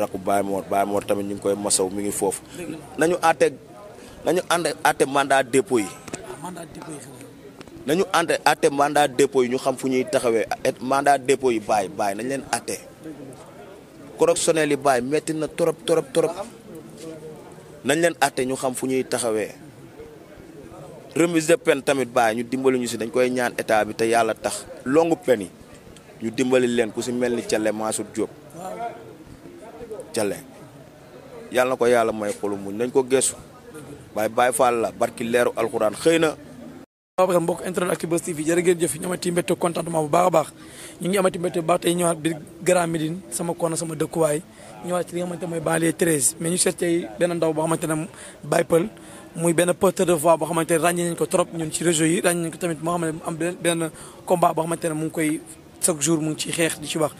rakku baay Mor Baye Mor tamit ñu ngi koy masaw mu ngi foofu. nañu àtte nañu ànd àtte mandat dépôt yi. Ah, nañu ànd àtte mandat yi ñu xam fu ñuy taxawee mandat dépôt yi bàyyi bàyyi nañ leen àtte. correctionnel yi metti na trop trop trop nañ leen àtte ñu xam fu ñuy taxawee. remise de tamit bàyyi ñu dimbali ñu si dañ koy ñaan état bi te yàlla tax longue peine yi ñu dimbali leen ku si mel ni Thielé Mansour Diop. Jalle yàlla na ko yàlla may xolu muñ nañ ko geesu waaye Baye Fall la barki leeru alxuraan xëy na. waaw mbokk internet Actubuzz TV jërë ngeen jëf ñu amati mbégte contentement bu baax a baax ñu ngi amati mbégte bu baax tey ñëwaat biir Grand Médine sama koona sama dëkkuwaay ñëwaat ci li nga xamante mais ñu seet tey benn ndaw boo xamante ne Baye muy benn porteur de voix boo xamante ne ràññee nañ ko trop ñun ci réseau yi ràññee nañ ko tamit moo xam ne mu ngi koy chaque jour mu ngi ci xeex di ci wax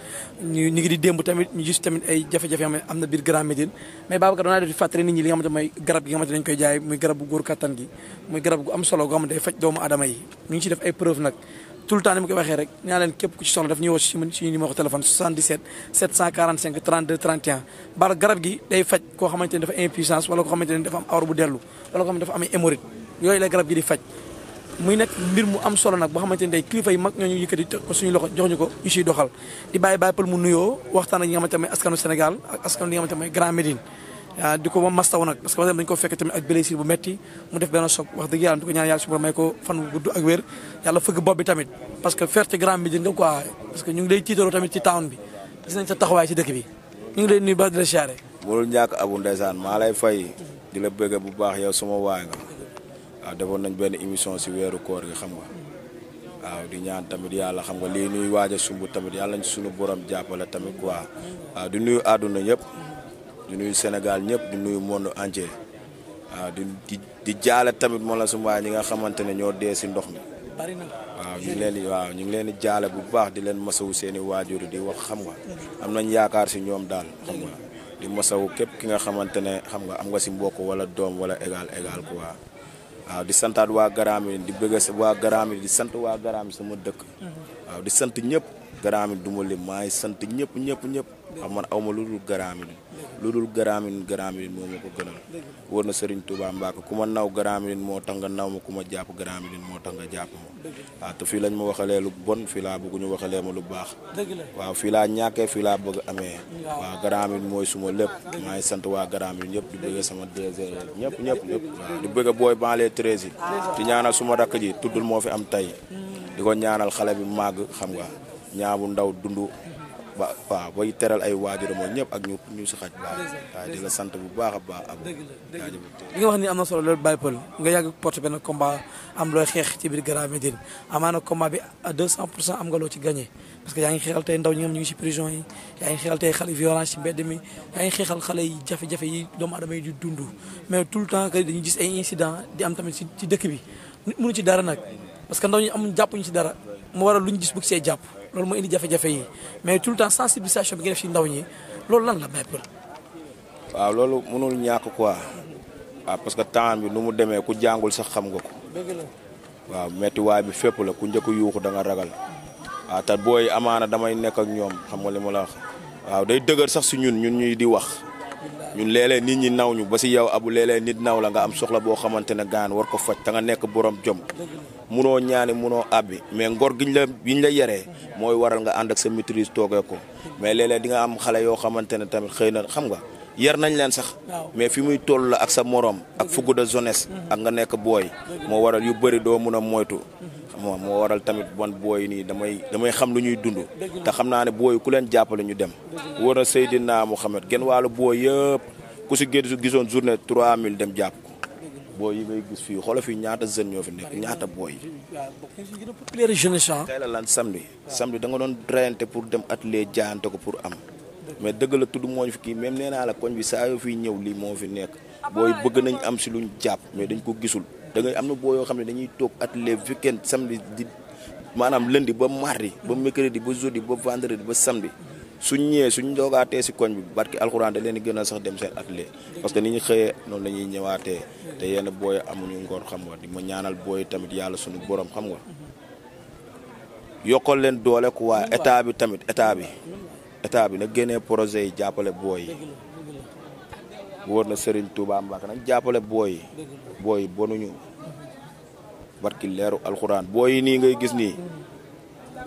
ñu ngi di démb tamit ñu gis tamit ay jafe-jafe yoo xam ne am na biir Grand Médine mais Babacar doonaa def di fàttali nit ñi li nga xamante mooy garab gi day faj leen képp ku ci soxla daf ñuy woo si suñu numéro téléphone 77 745 koo xamante ne dafa impuissance wala koo xamante ne dafa am awar bu dellu wala koo xamante dafa am hémorroïde yooyu la garab gi di faj muy nag mbir mu am solo nag boo xamante ni day kilifa yi mag ñooñu yëkkati ko suñu loxo jox ñu ko ñu siy doxal di bàyyi bàyyi pël mu nuyoo waxtaan ak ñi nga di ko moom mastaw nag parce que fekk tamit ak blessure bu metti mu def ko ñaan yàlla su bi tamit parce que ferte Grand Médine nga que ñu ngi lay tiitaroo tamit ci town bi gis nañ sa taxawaay ci dëkk bi ñu ngi lay nuyu ba di la siyaare. Mourou Ndiak Abou ndeysaan maa lay fay di la bëgg bu baax yow sama waay nga waaw nañ benn émission si weeru koor gi xam nga waaw di ñaan tamit yàlla xam nga lii nuy waaja a sumb tamit yàlla nañ suñu borom jàppale tamit quoi waaw di nuy àdduna ñëpp di nuyu Sénégal ñëpp di nuyu monde entier waaw di jaale tamit moom la su ñi nga xamante ne ñoo dee si ndox mi. bari na waaw ñu ngi leen ñu ngi leen di jaale bu baax di leen masawu seen i waajur di wax xam nga am nañ yaakaar si ñoom daal xam nga di masawu képp ki nga xamante ne xam nga am nga si mbokk wala doom wala égal égal quoi. waaw di santaat waa Garaam di bëgg waa Garaam di sant waa Garaam sama dëkk. Mhm. waaw di sant ñëpp. Garamin du ma lim maa sant ñëpp ñëpp ñëpp xam man awma lu dul Garamin lu dul Garamin Garamin moo ma ko gënal na Serigne Touba Mbacke ku ma naw Garamin moo tax naw ma ku ma jàpp Garamin moo tax nga jàpp ma fii lañ ma waxalee lu bon fii laa bëgg ñu waxalee ma lu baax waaw fii laa ñàkkee fii laa bëgg amee waaw Garamin mooy suma lépp maa sant waa Garamin ñëpp di bëgg sama DG ñëpp ñëpp ñëpp bëgg booy banlieue 13 yi di ñaanal suma rakk ji tuddul moo fi am tey mm. di ko ñaanal xale bi màgg xam nga ñaabu ndaw dund ba waaw bay teral ay waajur moom ñëpp ak ñu ñu si xaj baax di la sant bu baax a baax ab li nga wax ni am na solo loolu Baye Peul nga yàgg porte benn combat am looy xeex ci biir Grand Médine amaana combat bi a deux cent pour cent am nga loo ci gagné parce que yaa ngi xeexal tey ndaw ñi ñu ngi si prison yi yaa ngi xeexal tey xale violence ci mbedd mi yaa ngi xeexal xale yi jafe-jafe yi doomu adama yi di mais tout le temps que dañuy gis ay incident di am tamit si ci dëkk bi nit mënu ci dara nag parce que ndaw ñi amuñ jàppuñu si dara mu waral lu ñu gis bëgg see jàpp loolu mooy indi jafe-jafe mais tout le temps sensibilisation bi nga def ci ndaw ñi loolu lan la may pël. waaw loolu mënul ñàkk quoi waaw parce que temps bi nu mu demee ku jàngul sax xam nga ko. waaw metti waay bi fépp la ku njëkk yuuxu da nga ragal waaw te booy amaana damay nekk ak ñoom xam nga li ma la wax waaw day dëgër sax si ñun ñun ñuy di wax. ñun léeg nit ñi naw ñu ba si yow abu léeg nit naw la nga am soxla boo xamante ne gaan war ko faj te nga nekk borom jom munoo ñaani munoo abbi mais ngor giñ la giñ la yaree mooy waral nga ànd ak sa maîtrise toogee ko mais léeg-léeg nga am xale yoo xamante ne tamit xëy na xam nga yar nañ leen sax mais fi muy toll la ak sa moroom ak fugu de jeunesse ak nga nekk booy moo waral yu bëri doo mun a moytu moo moo waral tamit man booy nii damay damay xam lu ñuy dund te xam naa ne booy ku leen jàppale ñu dem war na Seydina Mouhamed genn waalo booy yëpp ku si génn su gisoon journée 3000 dem jàpp ko booy yi ngay gis fii xoolal fii ñaata jeunes ñoo fi nekk ñaata booy yi. Ah. tey lan samedi samedi da nga doon reyante pour dem atelier jaante ko pour am mais dëgg tudd mooñ kii même nee naa bi saa yoo fiy lii moo fi nekk booy bëgg nañ am si luñ jàpp mais dañ ko gisul da ngay am na boo yoo xam ne dañuy toog at les week-end samedi di maanaam lundi ba mardi ba mercredi ba jeudi ba vendredi ba samedi suñ ñëwee suñ doogaatee si koñ bi barki alxuraan da leen di gën a sax dem seen atelier parce que ni ñu xëyee noonu la ñëwaatee te yenn booy amuñu ngor xam nga di ma ñaanal booy tamit yàlla sunu borom xam nga yokkal leen doole quoi état bi tamit état bi état bi na génnee projet yi jàppale booy yi wóor na Serigne Touba Mbacke nag jàppale booy booy bonuñu barki leeru alxuraan booy nii ngay gis nii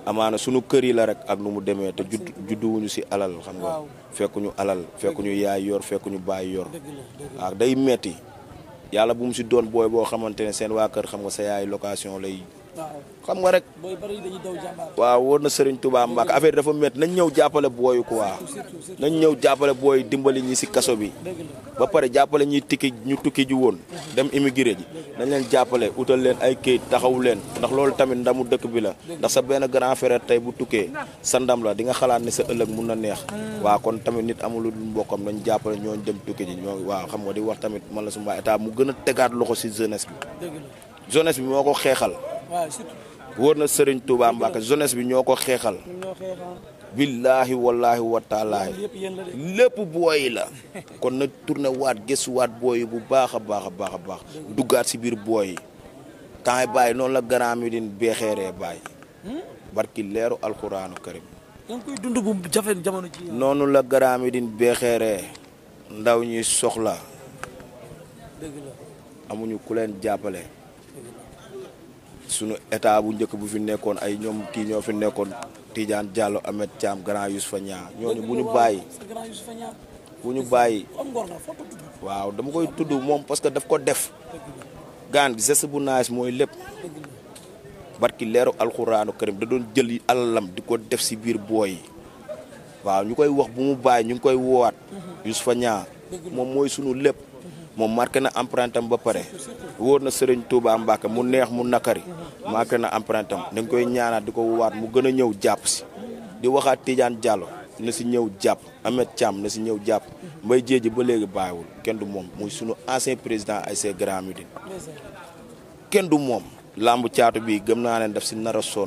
amaana sunu kër yi la rek ak nu mu demee te judd judduwuñu si alal xam nga fekkuñu alal fekkuñu yaay yor fekku ñu baay yor waaw day metti yàlla bu mu si doon booy boo xamante ne seen waa kër xam nga sa yaay location lay xam nga rek. waaw wóor na sëriñ Touba Mbacke affaire dafa métti nañ ñëw jàppale booyu quoi nañ ñëw jàppale booy dimbali ñi si kaso bi ba pare jàppale ñuy tikki ñu tukki ji woon dem immigré ji nañ leen jàppale utal leen ay kayit taxaw leen ndax loolu tamit ndamu dëkk bi la ndax sa benn grand frère tey bu tukkee sa ndam la di nga xalaat ne sa ëllëg mun na neex hmm. waaw kon tamit nit amul dul mbokkam nañ jàppale ñooñu dem tukki ji ñoo waaw xam nga di wax tamit man la suma état mu gën a tegaat loxo si jeunesse bi jeunesse moo ko xeexal wóor na sëriñ Touba Mbacke jeunesse bi ñoo ko xeexal. billaahi wallaahi wa taalaahi lépp booyi la kon na tourné waat gëstuwaat booyi bu baax a baax baax a baax duggaat si biir booyi temps yi noonu la garaam yi din beexeeree bàyyi barki leeru alxuraanu karim da nga jamono ji noonu la garaam yi din beexeeree ndaw ñi soxla amuñu ku leen jàppale sunu état bu njëkk bu fi nekkoon ay ñoom kii ñoo fi nekkoon Tidiane Diallo Ahmed Thiam grand Youssoufa Niang ñooñu bu ñu bàyyi bu ñu bàyyi waaw dama koy tudd moom parce que daf ko def gaan gi bu naaj mooy lépp barki leeru alxuraanu karim da doon jël alalam di ko def si biir booyi waaw ñu koy wax bu mu bàyyi ñu ngi koy woowaat Youssoufa Niang moom mooy sunu lépp moom marqué na empreinte am ba pare wóor na Serigne Touba Mbacke mu neex mu nakari marqué na empreinte dañ koy ñaanaat di ko waat mu gën a ñëw jàpp si di waxaat Tidiane Diallo na si ñëw jàpp Ahmed Thiam na si ñëw jàpp Mbaye Diédji ba léegi bàyyiwul kenn du moom muy sunu ancien président ay ses Grand Médine kenn du moom làmb caatu bi gëm naa ne daf si nara a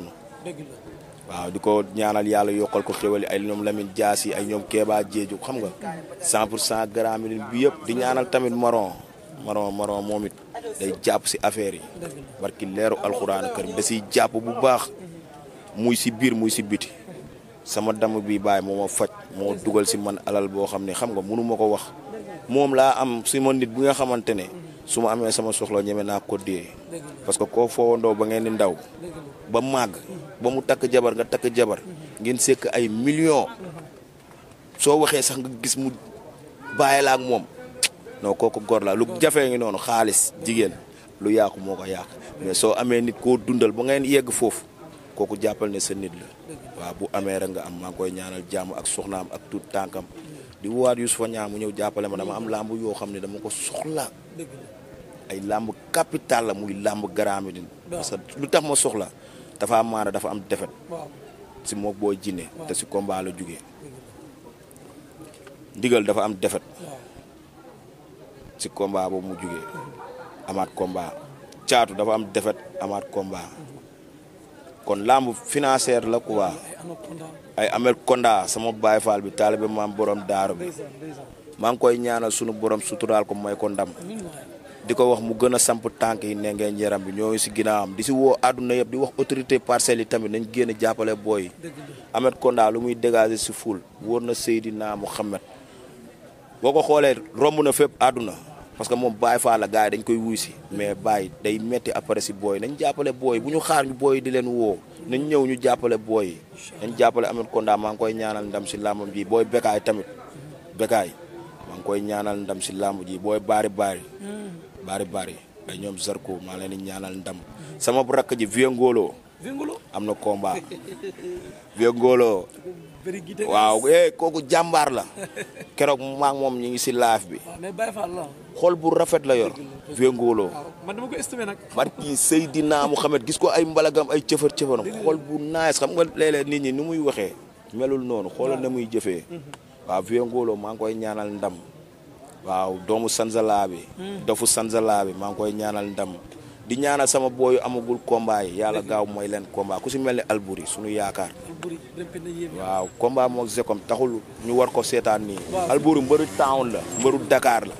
waaw di ko ñaanal yàlla yokkal ko xéwal ay ñoom lamit Dias yi ay ñoom Kéba Diédhiou xam nga 100 cent Grand Médine yëpp di ñaanal tamit Maron Maron Maron moom it day si affaire yi barki leeru alxuraan da siy jàpp bu baax muy si biir muy si sama damm bi bàyyi moo faj moo dugal si man alal boo xam ne xam nga mënu ko wax moom laa am si ma nit bi nga xamante ne su amee sama soxla ñeme naa ko parce que koo foowandoo ba ngeen di ndaw ba màgg ba mu takk jabar nga takk jabar ngeen sekk ay millions soo waxee sax nga gis mu bàyyi la ak moom noo kooku góor la lu jafee ngi noonu xaalis jigéen lu yàqu moo ko yàq mais soo amee nit koo dundal ba ngeen yegg foofu kooku jàppal ne sa nit la waaw bu amee rek nga am maa ngi koy ñaanal jàmm ak soxnaam ak tout tuut tànkam di waat Youssoufa Niang mu ñëw jàppale ma dama am làmb yoo xam ne dama ko soxla ay làmb capital la muy làmb Grand Médine parce que lu tax ma soxla dafa am maana dafa am defet si mook boo jinne te si combat la jugee ndigal dafa am defet si combat boobu mu jugee amaat combat caatu dafa am defet amaat combat kon làmb financière la quoi ay amel konda sama baay faal bi taalibe maam borom daaru bi maa ngi koy ñaanal sunu borom suturaal ko may ko ndam di ko wax mu gën a samp tànk yi ne ngeen yaram bi ñoo si ginnaawam di si woo àdduna yëpp di wax autorité parcelle yi tamit nañ génn jàppale booy Ahmed Konda lu muy dégager si ful wóor na Seydina Mouhamed boo ko xoolee romb na fépp àdduna parce que moom baay Fall la gars dañ koy wuy si mais Baye day metti après si booy nañ jàppale booy bu ñu xaar ñu booy di leen woo nañ ñëw ñu jàppale booy yi nañ jàppale Ahmed Konda maa ngi koy ñaanal ndam si làmbam ji booy Bekaay tamit Bekaay maa ngi koy ñaanal ndam si làmb ji booy baari baari hmm. baari baari ay ñoom Zarko maa leen di ñaanal ndam sama bu rakk ji Vieux Ngolo am na combat Vieux Ngolo eh? waaw eh kooku jàmbaar la keroog maa moom ñu ngi si laaf bi xool bu rafet la yor Vieux Ngolo man dama ko estimé nag barki Seydina gis ko ay mbalagam ay cëfër cëfëram xool bu nice xam nga léeg-léeg nit ñi ni muy waxee melul noonu xoolal na muy jëfee mm-hmm. waaw Vieux Ngolo maa ngi koy ñaanal ndam waaw doomu sanzala bi. Hmm. dofu sanzala bi maa ngi koy ñaanal ndam. di ñaanal sama booyu amagul combat yi yàlla gaaw mooy leen combat ku si mel ne Alburi suñu yaakaar waaw combat moo Zekom taxul ñu war ko seetaan nii Alburi mbëru town la mbëru Dakar la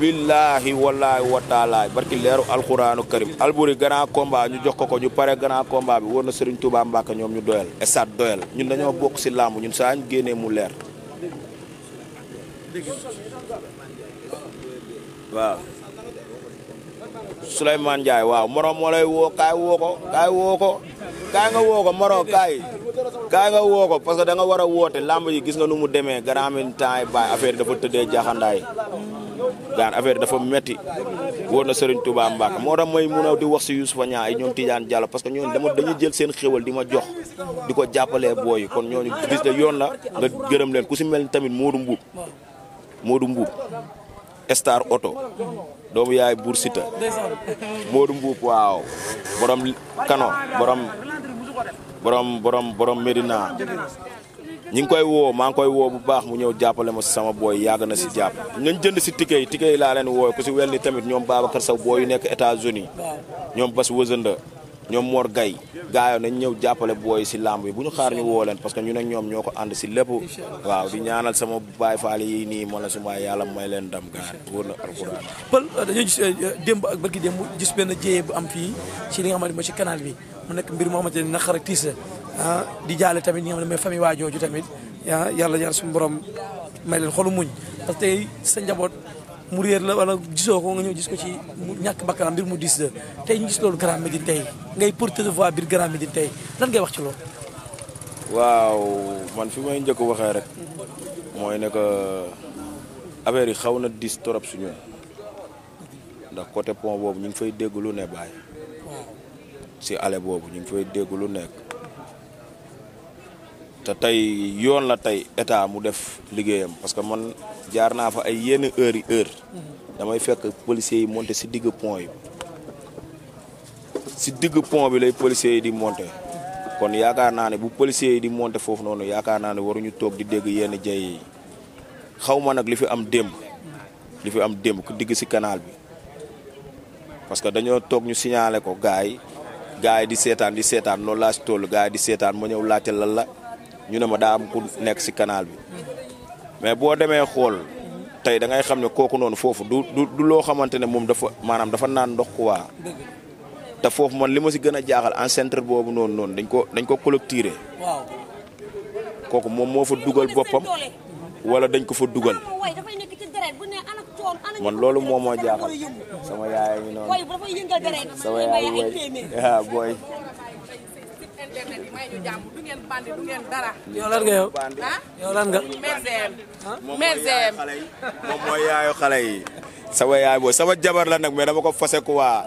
billaahi wallaahi wa taalaay barki leeru alxuraanu karim Alburi grand combat ñu jox ko ko ñu pare grand combat bi na Serigne Touba Mbacke ñoom ñu doyal stade doyal ñun dañoo bokk si làmb ñun saa ñu génnee mu leer waaw Souleymane Ndiaye waaw moro moo kaay ko kaay woo ko nga woo ko moro kaay woo ko parce que danga war a woote lamb yi gis nga nu mu demee grand min temps yi bàyyi affaire dafa tëddee jaaxandaay gaan affaire dafa metti wóor na Serigne Touba Mbacke moo tax may mun a di wax si Youssoufa Niang ay ñoom Tidiane Diallo parce que ñooñu dama dañuy jël seen xéwal di ma jox di ko jàppalee booy kon ñooñu gis la yoon la nga gërëm leen ku si mel ni tamit Modou Mboub Modou Mbuub Star oto doomu yaay Buur Sita Modou Mbuub waaw borom kano borom borom borom borom Medina ñi ngi koy woo maa ngi koy woo bu baax ñëw jàppale ma sama booy yàgg na si jàpp nañ jënd si ticket yi ticket yi laa leen wooy ku si wel tamit ñoom Babacar Sow booy yu nekk États-Unis ñoom bas wësanda ñoom Mor Gaye gaayo nañ ñëw jàppale booy si làmb yi bu ñu xaar ñu woo leen parce que ñu ne ñoom ñoo ko ànd si lépp waaw di ñaanal sama baay faal yi nii ma la su ma yàlla may leen dam gaar wóor na alxuraan pël dañoo gis euh, démb ak barki benn jéyee bu am fii ci li nga xamante moo ci canal bi mu nekk mbir moo xamante ne naqar ak tiis ah, di jaale tamit ñi nga xam ne mooy famille waajooju tamit ah, yàlla yàlla suñu borom may leen xolu muñ parce que tey sa njaboot mu réer la wala gisoo ko nga ñëw gis ko ci ñàkk bakkanam mbir mu diis la tey ñu gis loolu Grand Médine tey ngay porte de voix biir Grand Médine tey lan ngay wax ci loolu. waaw man fi may njëkk waxee rek mooy ne que affaire yi xaw na diis torop suñu ndax côté pont boobu ñu ngi fay dégg lu ne bàyyi si ale boobu ñu ngi fay dégg lu nekk. te tey yoon la tey état mu def liggéeyam parce que man jaar naa fa ay yenn heures yi heure damay fekk policiers yi monter si digg pont yi si digg pont bi lay policiers yi di monter kon yaakaar naa ne bu policiers yi di monter foofu noonu yaakaar naa ne waruñu toog di dégg yenn jay xaw ma nag li fi am démb li fi am démb ku digg si kanaal bi parce que dañoo toog ñu signaler ko gars yi gars yi di seetaan di seetaan loolu laa si toll gars di seetaan ma ñëw laajte lan la. ñu ne ma daa am ku nekk si kanaal bi mais boo demee xool tey dangay xam ne kooku noonu foofu du du loo xamante ne moom dafa maanaam dafa naan ndox kuwaa te foofu man li ma si gën a jaaxal centre boobu noonu noonu dañ ko dañ ko collecturé waaw kooku moom moo fa dugal boppam walla dañ ko fa dugal man loolu moom moo jaaxal sama yaay ñu noonu sama yaay woy waaw booy internet ah? ah? yi may moom mooy yaayu xale yi. sama yaay boobu sama jabar la nag mais dama ko fase ku waa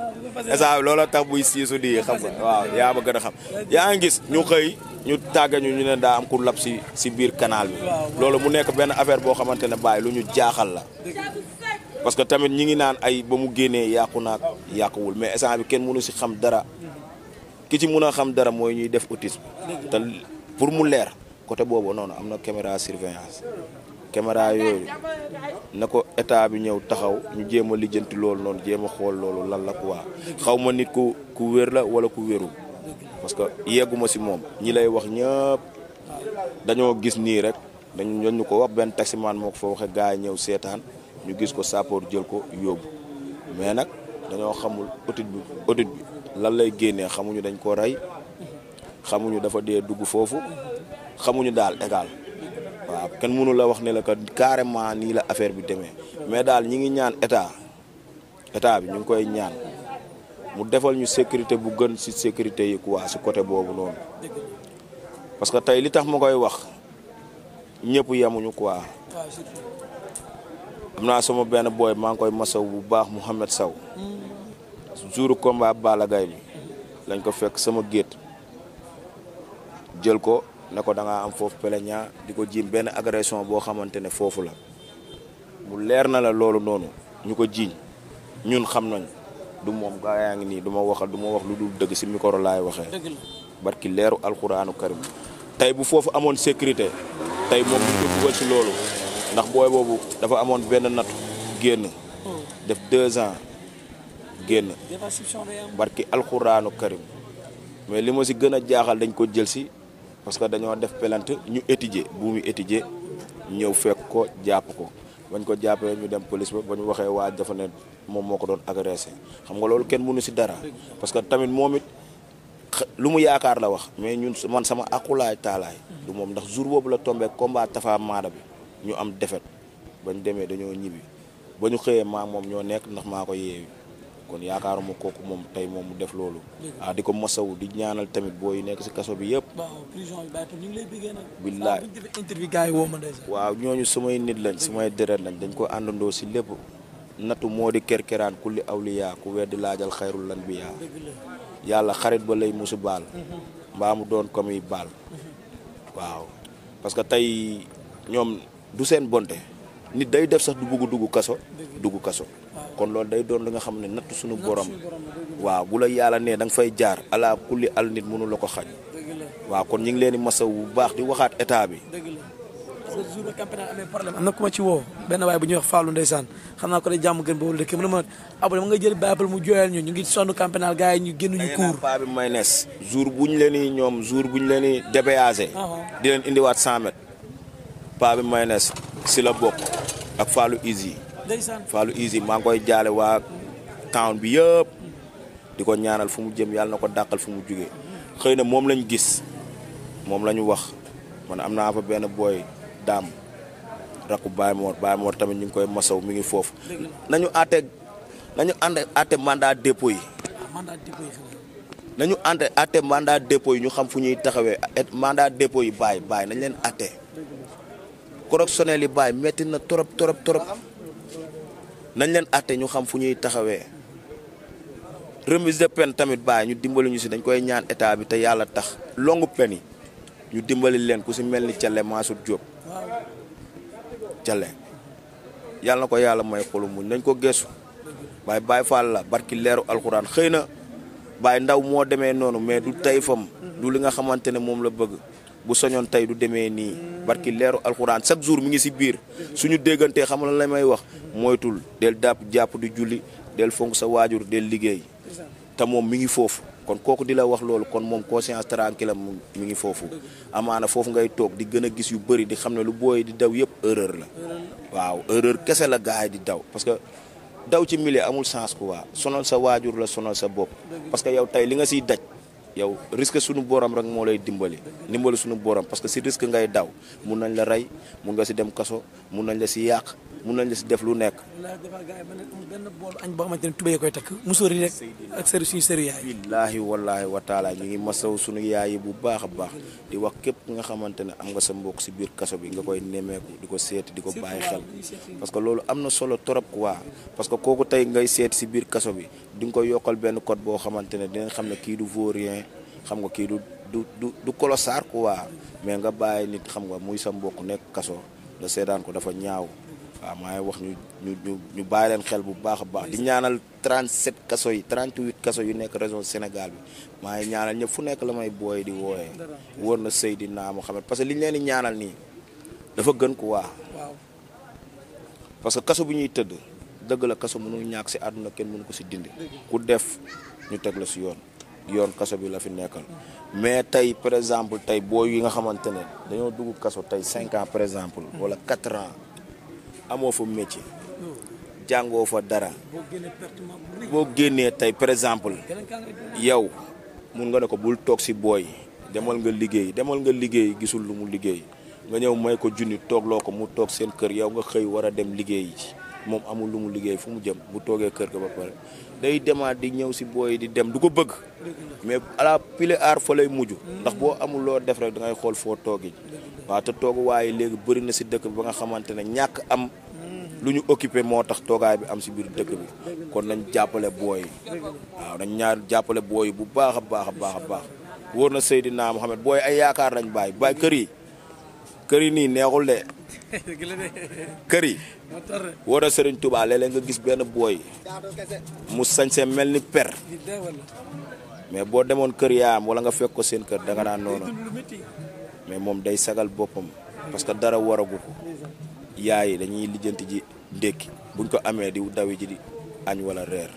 esa loola tax buy siisu di xam nga waaw yaa ma gën a xam yaa ngi ñu xëy ñu tàgga ñu ñu ne daa am ku lab si si biir canal bi loolu mu nekk benn affaire boo xamante ne bàyyi lu ñu jaaxal la parce que tamit ñi ngi naan ay ba mu génnee naak naag yàquwul mais instant bi kenn mënu si xam dara ki ci mun a xam dara mooy ñuy def autisme te pour mu leer côté boobu noonu am na caméra surveillance caméra yooyu na ko état bi ñëw taxaw ñu jéem a lijjanti loolu noonu jéem a xool loolu lan la quoi xaw ma nit ku ku wér la wala ku wérul parce que yegguma si moom ñi lay wax ñëpp dañoo gis nii rek dañ ñu ko wax benn taximaan moo ko fa waxe ñëw seetaan ñu gis ko saapoor jël ko yóbbu mais nag dañoo xamul audit bi audit bi lan lay génnee xamuñu dañ ko rey xamuñu dafa dee dugg foofu xamuñu daal égal waaw kenn mënu la wax ne la que carrément nii la affaire bi demee mais daal ñi ngi ñaan état état bi ñu ngi koy ñaan mu defal ñu sécurité bu gën si sécurité yi quoi ci côté boobu noonu parce que tey li tax ma koy wax ñëpp yemuñu quoi am naa sama benn booy maa ngi koy masaw bu baax Mouhamed saw jour combat Balla Gaye bi lañ ko fekk sama gét jël ko ne ko da am foofu plaignant di ko jiiñ benn agression boo xamante ne foofu la mu leer na la loolu noonu ñu ko jiiñ ñun xam nañ du moom gaa yaa ngi nii du ma waxal du ma wax lu dul dëgg si micro laay waxee barki leeru alxuraanu karim tey bu foofu amoon sécurité tey moom ñu dugal si loolu ndax booy boobu dafa amoon benn nat génn hmm. def deux ans génn barki alxuraanu karim mais li ma si gën a jaaxal dañ ko jël si parce que dañoo def pelante ñu étudier bu mu étudier ñëw fekk ko jàpp ko bañ ko jàppee ñu dem police ba ba ñu waxee waa dafa moom moo ko doon agressé xam nga loolu kenn mënu si dara parce que tamit moom it lu mu yaakaar la wax mais ñun man sama akulaay taalaay du moom ndax jour boobu la tombé combat Tafa Maada bi ñu am defet bañ demee dañoo ñibbi ba ñu xëyee maa moom ñoo nekk ndax maa ko kon yaakaaruma kooku moom tey moom mu def loolu. ah di ko masawu di ñaanal tamit booy nekk si kaso bi yëpp. waaw yi woo ma waaw ñooñu samay nit lañ samay deret lañ dañ ko àndandoo si lépp natu moo di kerkeraan kulli awliyaa ku weddi laajal xayrul lan bi yaa yàlla xarit ba lay musu baal. Mhm. mbaa mu doon ko muy baal. Mhm. waaw parce que tey ñoom du seen bonte nit day def sax du bugg dugg kaso. duggu kaso. kon loolu day doon li nga xam ne natt suñu borom waaw bu la yàlla nee da nga fay jaar ala kulli al nit mënu la ko xañ waaw kon ñu ngi leen di masaw bu baax di waxaat état bi jour campagne am na ku ma ci woo benn waaye bu ñuy wax Fallou ndeysaan xam naa ko de jàmm gën boobu dëkk mu ne ma abul ma nga jël Bible mu jooyal ñu ñu ngi sonn campagne gars yi ñu gën ñu kuur paa bi may nees ñu leen i ñoom jour bu ñu leen i débéyagé ah ah. di leen indiwaat 100 mètres paa bi si la bokk ak Fallou Izi Fallou Easy maa ngi koy jaale waa town bi yëpp di ko ñaanal fu mu jëm yàlla na ko dàqal fu mu jugee xëy na moom lañ gis moom lañu ñu wax man am naa fa benn booy daam rakku baay Mor Baye Mor tamit ñu ngi koy masaw mu ngi foofu nañu àtte nañu ànd àtte mandat dépôt yi ah, nañu ànd àtte mandat yi ñu xam fu ñuy taxawee mandat dépôt yi bàyyi baay nañ leen àtte correctionnel yi bàyyi metti na trop trop trop nañ leen àtte ñu xam fu ñuy taxawee remise de peine tamit bàyyi ñu dimbali ñu si dañ koy ñaan état bi te yàlla tax longue peine yi ñu dimbali leen ku si mel ni Thialé Massoud Diop Thialé yàlla na ko yàlla may xolu muñ nañ ko geesu waaye baay Fall la barki leeru alxuraan xëy na Baye Ndaw moo demee noonu mais du tayfam du li nga xamante ne moom la bëgg bu soñoon tey du demee nii barki leeru alxuraan chaque jour mu ngi si biir suñu déggantee xam la la may wax moytul del dàpp jàpp di julli del fonk sa waajur del liggéey te moom mi ngi foofu kon kooku di la wax loolu kon moom conscience tranquille la mi ngi foofu amaana foofu ngay toog di gën a gis yu bëri di xam ne lu booy di daw yëpp erreur la waaw erreur kese la gars yi di daw parce que daw ci milieu amul sens quoi sonal sa waajur la sonal sa bopp parce que yow tey li nga siy daj yow risque suñu borom rek moo lay dimbali dimbali suñu borom parce que si risque ngay daw mun nañ la rey mun nga si dem kaso mun nañ la si yàq mun nañ la si def lu nekk. benn boolu añ boo xamante ne tubéy koy takk musóor yi rek ak sëri suñu sëri yaay. billaahi wallaahi wa ñu ngi masaw suñu yaay bu baax a baax di wax képp nga xamante ne am nga sa mbokk si biir kaso bi nga koy nemmeeku di ko seet di ko bàyyi xel parce que loolu am na solo trop quoi parce que kooku tey ngay seet si biir kaso bi di nga koy yokkal benn code boo xamante ne dinañ xam ne kii du vaurien xam nga kii du du du du colossar quoi mais nga bàyyi nit xam nga muy sa mbokk nekk kaso da seedaan ko dafa ñaaw waaw maa wax ñu ñu ñu bàyyi leen xel bu baax a baax di ñaanal trent 37 kaso yi trent 38 kaso yu nekk région Sénégal bi maa ñaanal ñëpp fu nekk la may booy di wooyee. wóor na Seydina Mohamed parce que li ñu leen di ñaanal nii dafa gën ko waa. waaw que kaso bu ñuy tëdd. dëgg la kaso mënul ñàkk si àdduna kenn mënu ko si dindi ku def ñu teg la si yoon yoon kaso bi la fi nekkal mais tey par exemple tey boo yi nga xamante ne dañoo dugg kaso tey cinq par exemple wala quatre ans amoo fa métier jàngoo fa dara boo génnee tey par exemple yow mun nga ne ko bul toog si booy demal nga liggéey demal nga liggéey gisul lu mu liggéey nga ñëw may ko junni toog loo ko mu toog seen kër yow nga xëy war a dem liggéey ji moom amul lu mu liggéey fu mu jëm bu toogee kër ga ba pare day demaat di ñëw si booy di dem du ko bëgg mais à la pile aar fa lay mujj ndax boo amul loo def rek da ngay xool foo toogi waaw te toogu waaye léegi bëri na si dëkk bi ba nga xamante ne ñàkk am lu ñu occuper moo tax toogaay bi am si biir dëkk bi kon nañ jàppale booy yi waaw nañ jàppale booy bu baax a baax a baax a baax wóor na naa Mohamed booy ay yaakaar lañ bàyyi baay kër yi kër yi nii neexul de kër yi wóor na Serigne Touba nga gis benn booy mu seen mel ni per mais boo demoon kër yaayam wala nga fekk ko seen kër danga naan noonu mais moom day sagal boppam parce que dara waragu ko yaay yi dañuy lijjanti ji ndékki buñ ko amee di dawi ji di añ wala reer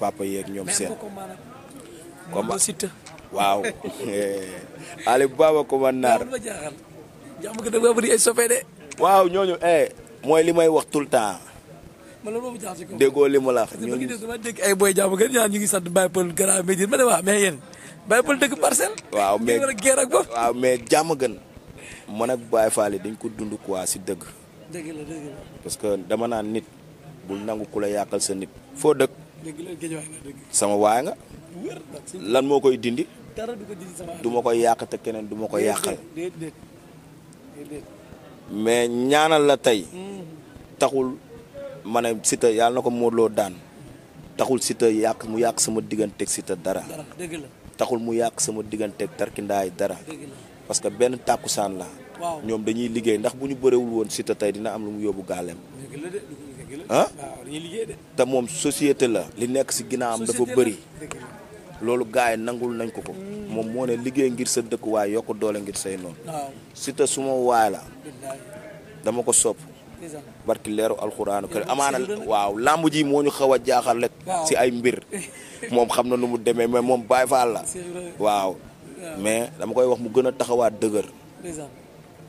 papa yeeg ñoom seen comme waaw Aliou Baba ko man naar jàmm ko dëgg waaw ñooñu eh mooy li may wax tout le temps. man loolu moom déggoo li ma la wax. ñooñu dama dégg ay booy jàmm gën ñaan ñu ngi sant Baye Peul Grand ma ne waaw mais yéen Baye Peul dëkk parcelle. waaw mais waaw mais jàmm gën. man ak Baye Fall dañ ko dund waa si dëgg. parce que dama naan nit bul nangu ku la yàqal sa nit. foo dëkk. dëgg la géej sama waay nga. lan moo koy dindi. dara ko dindi koy yàq te keneen du ma ko yàqal. déedéet mais ñaanal la tey mm-hmm. taxul ma ne Siteu yàlla na ko Modou daan taxul Siteu yàq mu yàq sama digganteeg Siteu dara taxul mu yàq sama digganteeg tarkindaay dara parce que benn tàkku saan la ñoom dañuy liggéey ndax bu ñu bëreewul woon Siteu tey dina am lu mu yóbbu gaaleem ah te moom société la li nekk si am dafa bëri loolu gars yi nangul nañ ko ko moom moo ne liggéey ngir sa dëkkuwaay yokk doole ngir say noonu Siteu suma waay la dama ko sopp barki leeru alxuraanu kër amaana waaw làmb ji moo ñu xaw a jaaxal rek si ay mbir moom xam na nu mu demee mais moom Baay Faal la waaw mais dama koy wax mu gën a taxawaat dëgër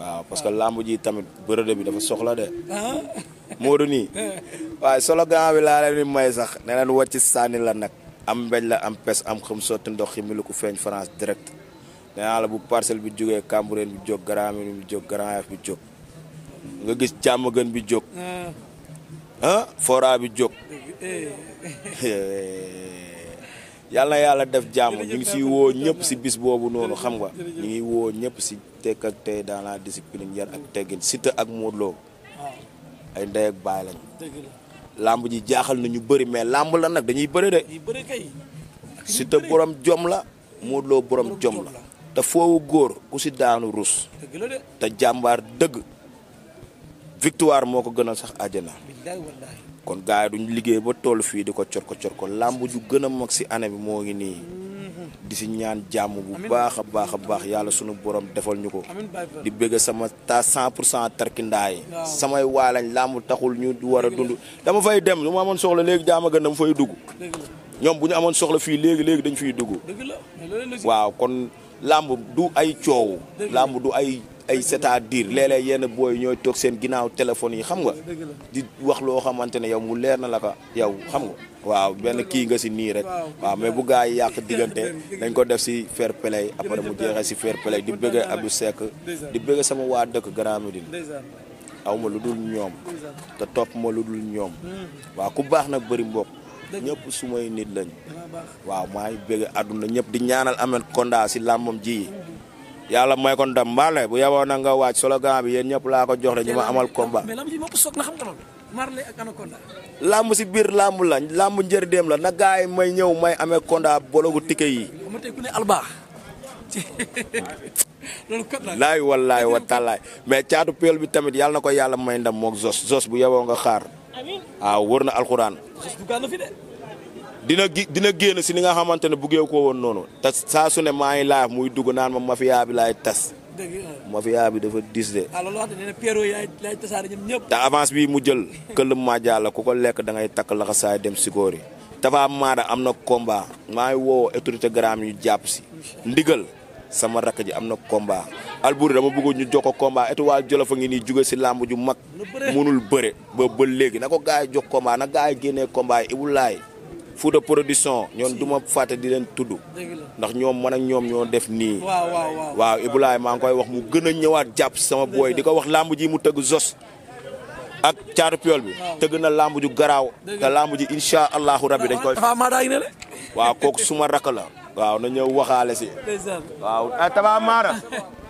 waaw parce que làmb ji tamit bërëdë bi dafa soxla de ah. moo du nii waaye solo gaa bi laa leen may sax ne leen wàcc sànni la nag am mbeñ la am pes am xam sotti ndox yi mi ko feeñ France direct danaa la bu parcelle bi jógee Cambérène bi jóg Grand Médine bi jóg Grand nga gis Diamaguène bi jóg ah. ah Fora bi jóg yàlla na yàlla def jàmm ñu ngi si woo ñëpp si bis boobu noonu xam nga ñu ngi woo ñëpp si tekk tey dans la discipline yar ak teggin Siteu ak Modou Lo ah. ay ndey ak baay lañ làmb ji jaaxal na ñu bari mais làmb la nag dañuy bëri de. dañuy bëri borom jom la Modou Lo borom jom la. te foofu góor ku si daanu rus. te jàmbaar dëgg. victoire moo ko gënal sax àjjana. kon gars yi duñ liggéey ba toll fii di ko cor ko cor ko làmb ju gën a mag si année bi moo ngi nii. di si ñaan jàmm bu baax a baax a baax yàlla sunu borom defal ñu ko di bëgg sama ta cent pour cent tarkindaay samay waalañ làmb taxul ñu war a dund dama fay dem lu mu amoon soxla léegi jaama gën dama fay dugg ñoom bu ñu amoon soxla fii léegi léegi dañ fiy dugg waaw kon làmb du ay coow làmb du ay ay cest diir dire léeg-léeg yenn booy ñooy toog seen ginnaaw téléphone yi xam nga di wax loo xamante ne yow mu leer na la ko yow xam nga waaw benn kii nga si nii rek waaw mais bu gaa yi yàq diggante dañ ko def si fair play après mu jeexee si fair play di a Abdou Seck di bëgg sama waa dëkk Grand Médine aw ma lu dul ñoom te topp ma lu dul ñoom waaw ku baax nag bëri mbok ñëpp sumay nit lañ waaw maay bëgg àdduna ñëpp di ñaanal Ahmed kondaa si làmbam ji yàlla may ko ndam Marley bu yaboo na nga waaj solo gan bi yéen ñëpp laa ko jox rek ñu ma amal combat. mais lamb ji mopp soog lamb si biir lamb la lamb njër dem la na gars may ñëw may amee konda bologu tike yi. xam tey ku ne mais caatu peel bi tamit yàlla na ko yàlla may ndam moog zos zos bu yaboo nga xaar. amiin waaw wër na dina gi dina génn si ni nga xamante ne buggee ko woon noonu te saa su ne maa ngi laaj muy dugg naan ma mafia bi laay tas. mafia bi dafa dis de. Ah, ñëpp. avance bi mu jël. këll Madialla ku ko lekk da ngay takk laxasaay dem sikoori. Tafa Maada am na combat maa ngi woo autorité gram yu jàpp si. ndigal sama rakk ji am na combat. Albouri dama bëggoon ñu jox ko combat étoile Jolof a ngi nii jóge si làmb ju mag. munul bëre ba ba léegi na ko gars yi jox combat na gars yi génnee combat Fouta production ñoon duma ma di leen tudd ndax ñoom man ak ñoom ñoo def nii waaw Iboulaye maa ngi koy wax mu gën a ñëwaat jàpp sama booy di ko wax làmb ji mu tëgg zos ak caatu piol bi tëgg na làmb ju garaaw te làmb ji insha allahu rabbi dañ koy waaw kooku suma rakk la waaw na ñëw waxaale si waaw ah, Taba Mara